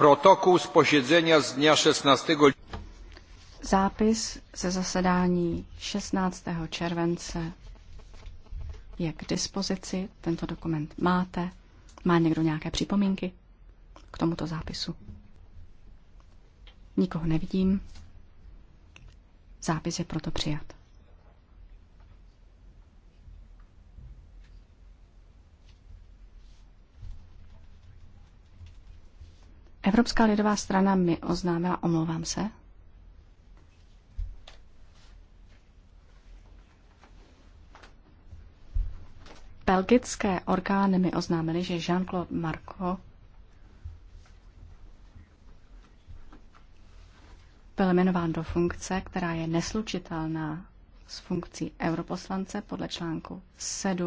Protokół z posiedzenia z dnia 16. Zápis ze zasedání 16. července je k dispozici. Tento dokument máte. Má někdo nějaké připomínky k tomuto zápisu? Nikoho nevidím. Zápis je proto přijat. Evropská lidová strana mi oznámila, omlouvám se. Belgické orgány mi oznámily, že Jean-Claude Marco byl jmenován do funkce, která je neslučitelná s funkcí europoslance podle článku 7